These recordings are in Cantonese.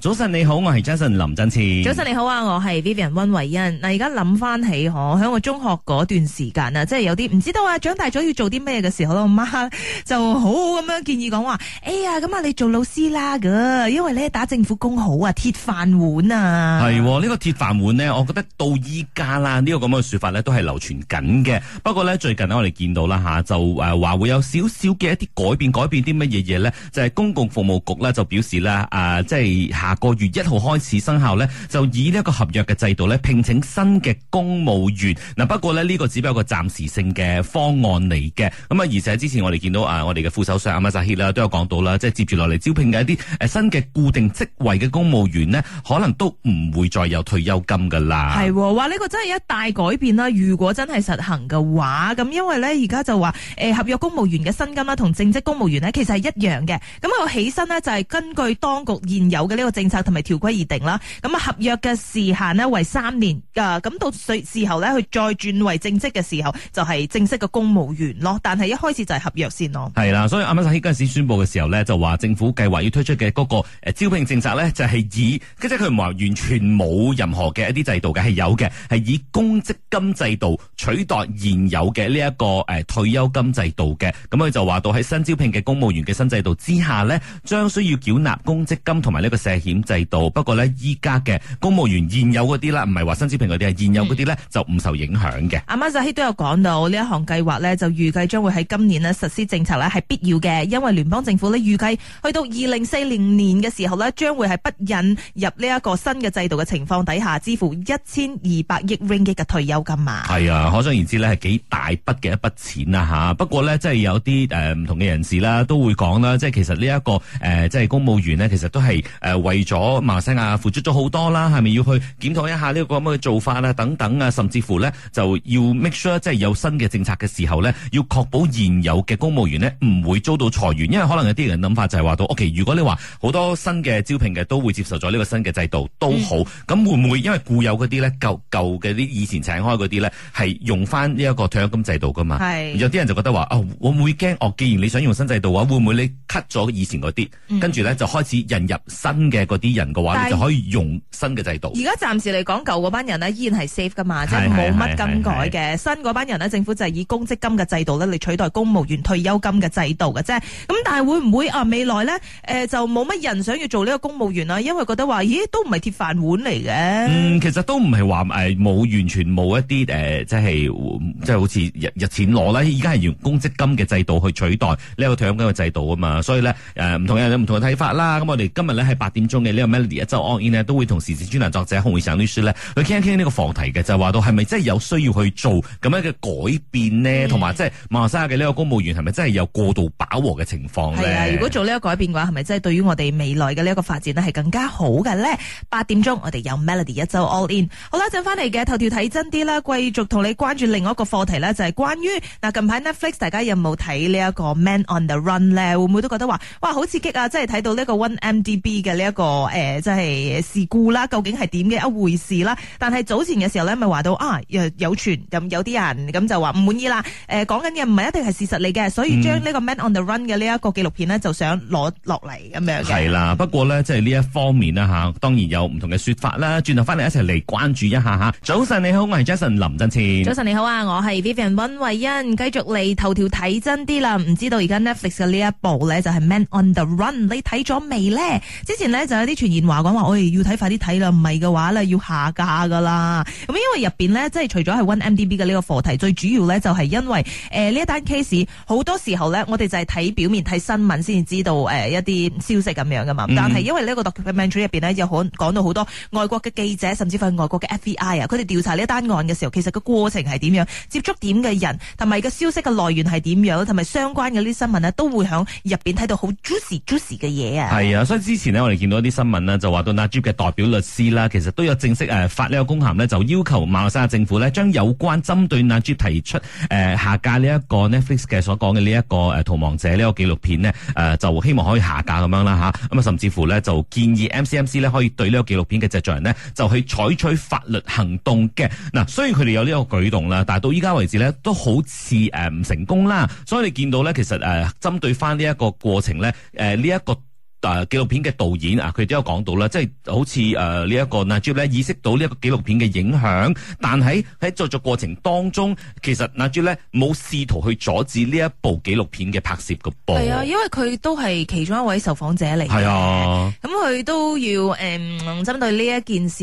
早晨你好，我係 Jason 林振賜。早晨你好啊，我係 Vivian 溫慧欣。嗱，而家諗翻起可喺我中學嗰段時間啊，即係有啲唔知道啊，長大咗要做啲咩嘅時候，我媽就好好咁樣建議講話，哎呀，咁啊你做老師啦噶，因為你打政府工好啊，鐵飯碗啊。係喎，呢個鐵飯碗呢，我覺得到依家啦，呢個咁嘅說法呢，都係流傳緊嘅。不過呢，最近咧我哋見到啦吓，就誒話會有少少嘅一啲改變，改變啲乜嘢嘢呢？就係公共服務局呢，就表示啦，誒即係。就是下個月一號開始生效呢，就以呢一個合約嘅制度呢，聘請新嘅公務員。嗱，不過呢，呢個只不過一個暫時性嘅方案嚟嘅。咁啊，而且之前我哋見到啊，我哋嘅副首相阿馬薩切啦都有講到啦，即係接住落嚟招聘嘅一啲誒新嘅固定職位嘅公務員呢，可能都唔會再有退休金噶啦。係，話呢個真係一大改變啦。如果真係實行嘅話，咁因為呢，而家就話誒合約公務員嘅薪金啦，同正職公務員呢，其實係一樣嘅。咁個起薪呢，就係根據當局現有嘅呢個。政策同埋條規而定啦，咁啊合約嘅時限呢，為三年，啊咁到時候呢，佢再轉為正職嘅時候，就係正式嘅公務員咯。但係一開始就係合約先咯。係啦，所以啱啱喺嗰陣時宣布嘅時候呢，就話政府計劃要推出嘅嗰個誒招聘政策呢，就係以，即係佢唔係話完全冇任何嘅一啲制度嘅，係有嘅，係以公積金制度取代現有嘅呢一個誒退休金制度嘅。咁佢就話到喺新招聘嘅公務員嘅新制度之下呢，將需要繳納公積金同埋呢個社檢制度，不過呢，依家嘅公務員現有嗰啲啦，唔係話薪資平嗰啲，係現有嗰啲呢，就唔受影響嘅。阿馬就希都有講到呢一項計劃呢，就預計將會喺今年呢實施政策，呢係必要嘅，因為聯邦政府呢，預計去到二零四零年嘅時候呢，將會係不引入呢一個新嘅制度嘅情況底下，支付一千二百億 ringgit 嘅退休金啊。係啊，可想而知呢，係幾大筆嘅一筆錢啊。吓。不過呢，即係有啲誒唔同嘅人士啦都會講啦，即係其實呢、這、一個誒、呃、即係公務員呢，其實都係誒、呃、為咗馬來西亞、啊、付出咗好多啦，係咪要去檢討一下呢個咁嘅做法啊、等等啊，甚至乎咧就要 make sure 即係有新嘅政策嘅時候咧，要確保現有嘅公務員呢唔會遭到裁員，因為可能有啲人諗法就係話到，OK，如果你話好多新嘅招聘嘅都會接受咗呢個新嘅制度都好，咁、嗯、會唔會因為固有嗰啲咧舊舊嘅啲以前請開嗰啲咧係用翻呢一個退休金制度噶嘛？係有啲人就覺得話哦，會唔會驚哦？既然你想用新制度嘅話，會唔會你 cut 咗以前嗰啲，跟住咧就開始引入新嘅？嗰啲人嘅話，你就可以用新嘅制度。而家暫時嚟講，舊嗰班人呢依然係 safe 噶嘛，即係冇乜更改嘅。新嗰班人呢，政府就係以公積金嘅制度咧嚟取代公務員退休金嘅制度嘅啫。咁但係會唔會啊？未來呢？誒、呃、就冇乜人想要做呢個公務員啦，因為覺得話，咦，都唔係鐵飯碗嚟嘅、嗯。其實都唔係話誒冇完全冇一啲誒、呃，即係、呃、即係好似日日錢攞啦。而家係用公積金嘅制度去取代呢個退休金嘅制度啊嘛。所以呢，誒、呃、唔同人有唔同嘅睇法啦。咁我哋今日呢喺八點鐘。呢個 Melody 一周 All In 咧，都會同時事專欄作者洪偉成啲書咧去傾一傾呢個課題嘅，就話到係咪真係有需要去做咁樣嘅改變呢？同埋即係馬來西亞嘅呢個公務員係咪真係有過度飽和嘅情況咧？係啊，如果做呢個改變嘅話，係咪真係對於我哋未來嘅呢一個發展咧係更加好嘅咧？八點鐘我哋有 Melody 一周 All In，好啦，陣返嚟嘅頭條睇真啲啦，繼續同你關注另一個課題咧，就係關於嗱近排 Netflix 大家有冇睇呢一個 Man on the Run 咧？會唔會都覺得話哇好刺激啊！即係睇到呢個 1MDB 嘅呢一個。誒，即係事故啦，究竟係點嘅一回事啦？但係早前嘅時候咧，咪話到啊，有，有傳咁有啲人咁就話唔滿意啦。誒、呃，講緊嘅唔係一定係事實嚟嘅，所以將呢個 Man on the Run 嘅呢一個紀錄片呢，就想攞落嚟咁樣嘅。係啦，不過呢，即係呢一方面啦。吓，當然有唔同嘅說法啦。轉頭翻嚟一齊嚟關注一下吓。早晨你好，我係 Jason 林振前。早晨你好啊，我係 Vivian 溫慧欣。繼續嚟頭條睇真啲啦，唔知道而家 Netflix 嘅呢一部呢，就係 Man on the Run，你睇咗未呢？之前呢。就有啲傳言話講、哎、話，我哋要睇快啲睇啦，唔係嘅話咧要下架噶啦。咁因為入邊咧，即係除咗係 1MDB 嘅呢個課題，最主要咧就係因為誒呢、呃、一單 case 好多時候咧，我哋就係睇表面睇新聞先至知道誒、呃、一啲消息咁樣噶嘛。嗯、但係因為呢個 documentary 入邊呢，有講到好多外國嘅記者，甚至乎外國嘅 FBI 啊，佢哋調查呢一單案嘅時候，其實個過程係點樣，接觸點嘅人，同埋個消息嘅來源係點樣，同埋相關嘅啲新聞呢，都會喺入邊睇到好 juicy juicy 嘅嘢啊。係啊，所以之前我哋見到。嗰啲新聞咧就話到阿朱嘅代表律師啦，其實都有正式誒發呢個公函呢就要求馬來西亞政府呢，將有關針對阿朱提出誒、呃、下架呢一個 Netflix 嘅所講嘅呢一個誒逃亡者呢一個紀錄片呢，誒、呃，就希望可以下架咁樣啦吓，咁啊甚至乎呢，就建議 MCMC 呢，可以對呢個紀錄片嘅製作人呢，就去採取法律行動嘅。嗱、呃，雖然佢哋有呢個舉動啦，但係到依家為止呢，都好似誒唔成功啦，所以你見到呢，其實誒、呃、針對翻呢一個過程咧誒呢一個。誒、呃，紀錄片嘅導演啊，佢都有講到啦，即、就、係、是、好似誒、呃，這個、呢一個納吉咧意識到呢一個紀錄片嘅影響，但係喺製作過程當中，其實納吉咧冇試圖去阻止呢一部紀錄片嘅拍攝嘅噃。係啊，因爲佢都係其中一位受訪者嚟。係啊，咁佢都要誒針、嗯、對呢一件事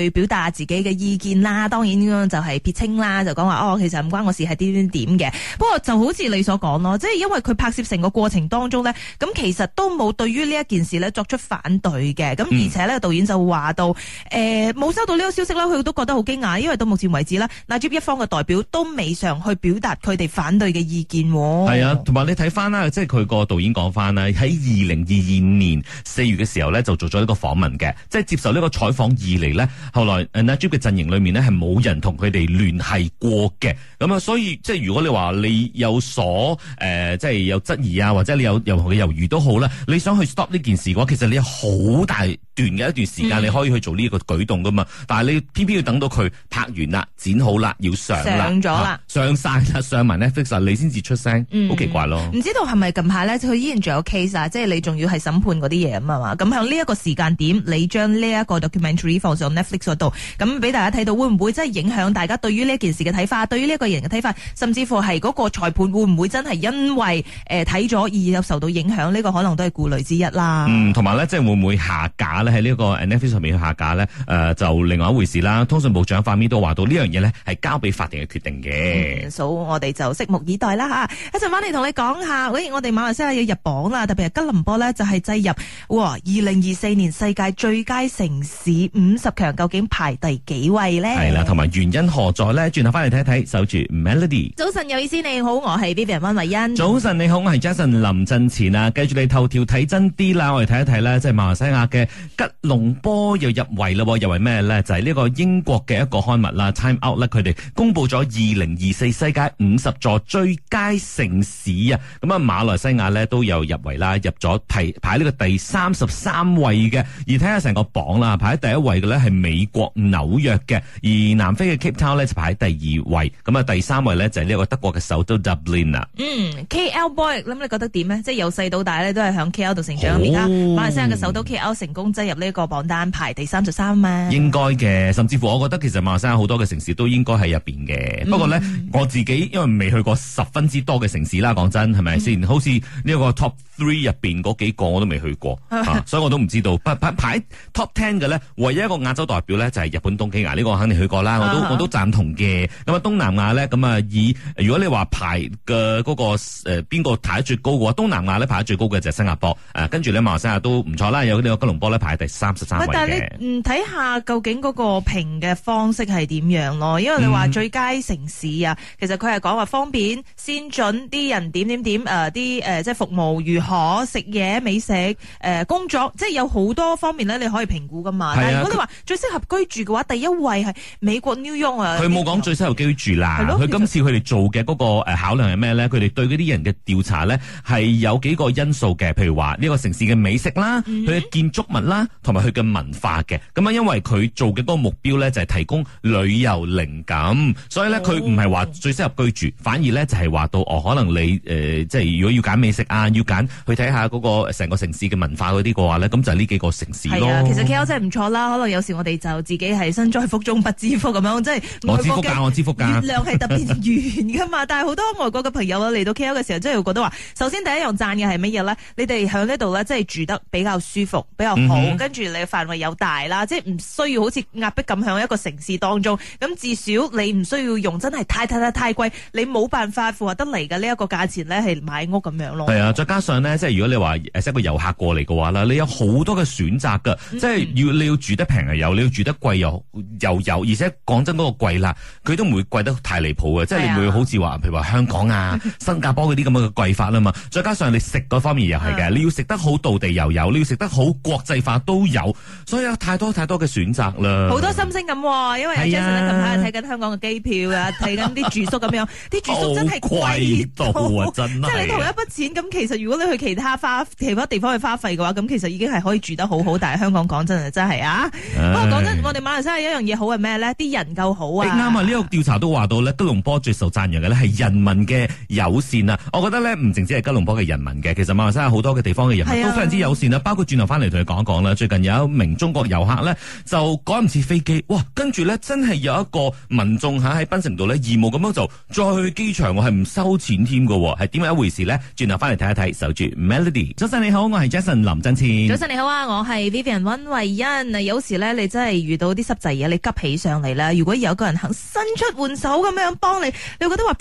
去表達自己嘅意見啦。當然就係撇清啦，就講話哦，其實唔關我事，係點點點嘅。不過就好似你所講咯，即、就、係、是、因爲佢拍攝成個過程當中咧，咁其實都冇對於。呢一件事咧作出反對嘅，咁、嗯、而且呢，導演就話到，誒、欸，冇收到呢個消息啦，佢都覺得好驚訝，因為到目前為止啦，Najib 一方嘅代表都未上去表達佢哋反對嘅意見，係啊，同埋你睇翻啦，即係佢個導演講翻啦，喺二零二二年四月嘅時候咧就做咗一個訪問嘅，即係接受呢個採訪二嚟咧，後來 Najib 嘅陣營裏面咧係冇人同佢哋聯繫過嘅，咁啊，所以即係如果你話你有所誒、呃、即係有質疑啊，或者你有任何嘅猶豫都好啦，你想去。stop 呢件事嘅話，其實你有好大段嘅一段時間你可以去做呢個舉動㗎噶嘛。嗯、但係你偏偏要等到佢拍完啦、剪好啦、要上上咗啦，上晒啦、啊，上埋 Netflix，你先至出聲，好、嗯、奇怪咯。唔知道係咪近排咧，佢依然仲有 case 啊，即係你仲要係審判嗰啲嘢啊嘛，咁響呢一個時間點，你將呢一個 documentary 放上 Netflix 嗰度，咁俾大家睇到，會唔會真係影響大家對於呢件事嘅睇法，對於呢個人嘅睇法，甚至乎係嗰個裁判會唔會真係因為誒睇咗而受到影響呢、呢個可能都係顧慮之一。啦，嗯，同埋咧，即係會唔會下架咧？喺呢個 Netflix 上面去下架咧？誒、呃，就另外一回事啦。通訊部長 Fahmi 都話到呢樣嘢咧，係交俾法庭嘅決定嘅。數、嗯、我哋就拭目以待啦吓。一陣翻嚟同你講下，喂、哎、我哋馬來西亞要入榜啦，特別係吉隆坡咧，就係、是、擠入二零二四年世界最佳城市五十強，究竟排第幾位咧？係啦，同埋原因何在咧？轉頭翻嚟睇一睇，守住 Melody。早晨有意思，你好，我係 Vivian 溫慧欣。早晨你好，我係 Jason 林振前啊，繼續你頭條睇真。啲啦，我哋睇一睇咧，即係馬來西亞嘅吉隆坡又入圍啦，入圍咩咧？就係、是、呢個英國嘅一個刊物啦，Time Out 咧，佢哋公布咗二零二四世界五十座最佳城市啊！咁啊，馬來西亞咧都有入圍啦，入咗排排呢個第三十三位嘅。而睇下成個榜啦，排喺第一位嘅咧係美國紐約嘅，而南非嘅 Cape Town 咧就排喺第二位，咁啊第三位咧就係呢個德國嘅首都 Dublin 啦。嗯，K L Boy，咁你覺得點咧？即係由細到大咧都係響 K L 度成而家馬來西亞嘅首都 KL 成功擠入呢個榜單排第三十三嘛？應該嘅，甚至乎我覺得其實馬來西亞好多嘅城市都應該喺入邊嘅。不過咧，我自己因為未去過十分之多嘅城市啦，講真係咪先？好似呢個 top three 入邊嗰幾個我都未去過， 啊、所以我都唔知道。排排 top ten 嘅咧，唯一一個亞洲代表咧就係日本東京啊！呢、這個肯定去過啦，我都我都贊同嘅。咁啊，東南亞咧咁啊，以如果你話排嘅嗰、那個誒邊個排得最高嘅話，東南亞咧排得最高嘅就係新加坡誒。呃跟住咧，馬來西亞都唔錯啦，有呢個吉隆坡咧排第三十三位。但你唔睇下究竟嗰個評嘅方式係點樣咯？因為你話最佳城市啊、嗯，其實佢係講話方便、先進啲人點點點誒，啲誒即係服務如何、食嘢美食、誒、呃、工作，即係有好多方面咧，你可以評估噶嘛、啊。但如果你話最適合居住嘅話，第一位係美國、New York 啊。佢冇講最適合居住啦。佢今次佢哋做嘅嗰個考量係咩咧？佢哋對嗰啲人嘅調查咧係有幾個因素嘅，譬、嗯、如話呢、呢個城市嘅美食啦，佢嘅建築物啦，同埋佢嘅文化嘅，咁啊，因為佢做嘅嗰個目標咧就係、是、提供旅遊靈感，所以咧佢唔係話最適合居住，反而咧就係話到哦，可能你誒、呃，即係如果要揀美食啊，要揀去睇下嗰個成個城市嘅文化嗰啲嘅話咧，咁就係呢幾個城市咯。係啊，其實 K L 真係唔錯啦，可能有時候我哋就自己係身在福中不知福咁樣，即係我知福我知福噶、啊。我知福啊、 月亮係特別圓噶嘛，但係好多外國嘅朋友啊嚟到 K L 嘅時候，真係會覺得話，首先第一樣讚嘅係乜嘢咧？你哋響呢度。即係住得比較舒服，比較好，跟、嗯、住你嘅範圍又大啦，即係唔需要好似壓迫咁響一個城市當中，咁至少你唔需要用真係太太太太貴，你冇辦法負荷得嚟嘅呢一個價錢咧，係買屋咁樣咯。係、嗯、啊，再加上咧，即係如果你話誒一個遊客過嚟嘅話咧，你有好多嘅選擇噶，即係要你要住得平又有，你要住得貴又得貴又，又有，而且講真嗰個貴啦，佢 都唔會貴得太離譜嘅， 即係你唔會好似話譬如話香港啊、 新加坡嗰啲咁樣嘅貴法啊嘛。再加上你食嗰方面又係嘅，你要食得。好道地又有，你要食得好國際化都有，所以有太多太多嘅選擇啦。好多心聲咁，因為阿 Jason 近排睇緊香港嘅機票啊，啊，睇緊啲住宿咁樣，啲 住宿真係貴，貴到啊！真係，即係你同一筆錢咁，其實如果你去其他花其他地方去花費嘅話，咁其實已經係可以住得好好。 但係香港講真啊，真係啊，不過講真，我哋馬來西亞一樣嘢好係咩咧？啲人夠好啊！啱、欸、啊！呢、呢個調查都話到咧，吉隆坡最受讚揚嘅咧係人民嘅友善啊！我覺得咧，唔淨止係吉隆坡嘅人民嘅，其實馬來西亞好多嘅地方嘅人。是啊、都非常之友善啦，包括轉頭翻嚟同你講一講啦。最近有一名中國遊客咧，就趕唔切飛機，哇！跟住咧，真係有一個民眾喺喺檳城度咧義務咁樣就再去機場，我係唔收錢添喎，係點樣一回事咧？轉頭翻嚟睇一睇，守住 Melody。早晨你好，我係 Jason 林振千。早晨你好啊，我係 Vivian 温慧欣。有時咧，你真係遇到啲濕滯嘢，你急起上嚟啦。如果有個人肯伸出援手咁樣幫你，你會覺得話。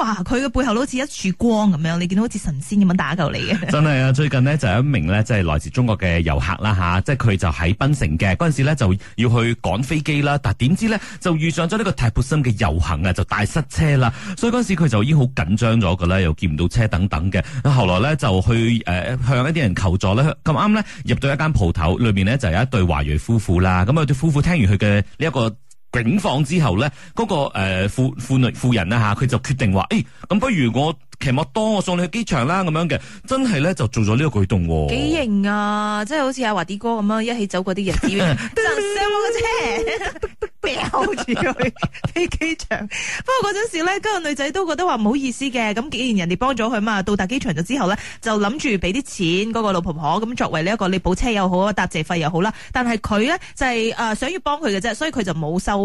哇！佢嘅背後都好似一柱光咁樣，你見到好似神仙咁樣打救你嘅。真係啊！最近呢就有、是、一名呢，即、就、係、是、來自中國嘅遊客啦吓，即係佢就喺、是、檳城嘅嗰陣時呢就要去趕飛機啦，但點知呢，就遇上咗呢個大寶森嘅遊行啊，就大塞車啦。所以嗰陣時佢就已經好緊張咗噶啦，又見唔到車等等嘅。後來呢，就去誒、呃、向一啲人求助呢咁啱呢，入到一間鋪頭，裏面呢，就有一對華裔夫婦啦。咁啊，對夫婦聽完佢嘅呢一個。警方之後咧，嗰、那個誒婦婦女婦人啦吓，佢就決定話：誒、欸，咁不如我。騎摩多，我送你去機場啦，咁樣嘅。真係咧就做咗呢個舉動，哦。幾型啊！即係好似阿華弟哥咁樣，一起走過啲日子。登 上我個車，飆住佢飛機場。不過嗰陣時呢，嗰、那個女仔都覺得話唔好意思嘅。咁既然人哋幫咗佢嘛，到達機場咗之後呢，就諗住俾啲錢嗰個老婆婆，咁作為呢、這、一個你補車又好啊，搭謝費又好啦。但係佢呢，就係、是、誒想要幫佢嘅啫，所以佢就冇收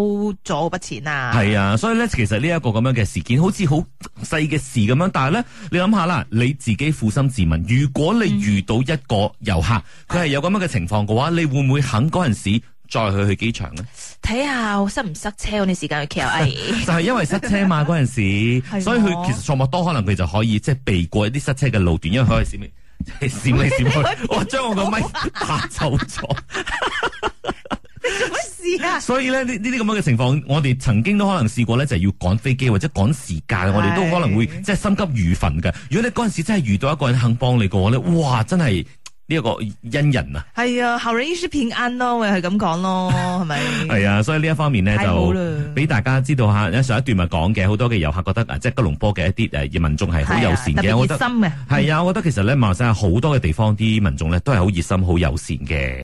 咗嗰筆錢啊。係啊，所以呢，其實呢一個咁樣嘅事件，好似好細嘅事咁樣，係咧，你諗下啦，你自己負心自問，如果你遇到一個遊客，佢、嗯、係有咁樣嘅情況嘅話，你會唔會肯嗰陣時再去去機場咧？睇下塞唔塞車的，我啲時間去 check 就係因為塞車嘛，嗰陣時， 所以佢其實數目多，可能佢就可以即係避過一啲塞車嘅路段，因為佢可以閃咩？閃 你閃咩？ 我將我個咪打走咗。 Yeah. 所以咧，呢呢啲咁樣嘅情況，我哋曾經都可能試過咧，就係要趕飛機或者趕時間，我哋都可能會即係心急如焚嘅。如果你嗰陣時真係遇到一個人肯幫你嘅話咧，哇！真係呢一個恩人啊！係啊，後人衣食平安咯，我係咁講咯，係 咪？係啊，所以呢一方面咧就俾大家知道下。上一段咪講嘅，好多嘅遊客覺得即係吉隆坡嘅一啲誒民眾係好友善嘅、yeah.，我覺得係、嗯、啊，我覺得其實咧，馬煩好多嘅地方啲民眾咧都係好熱心、好友善嘅。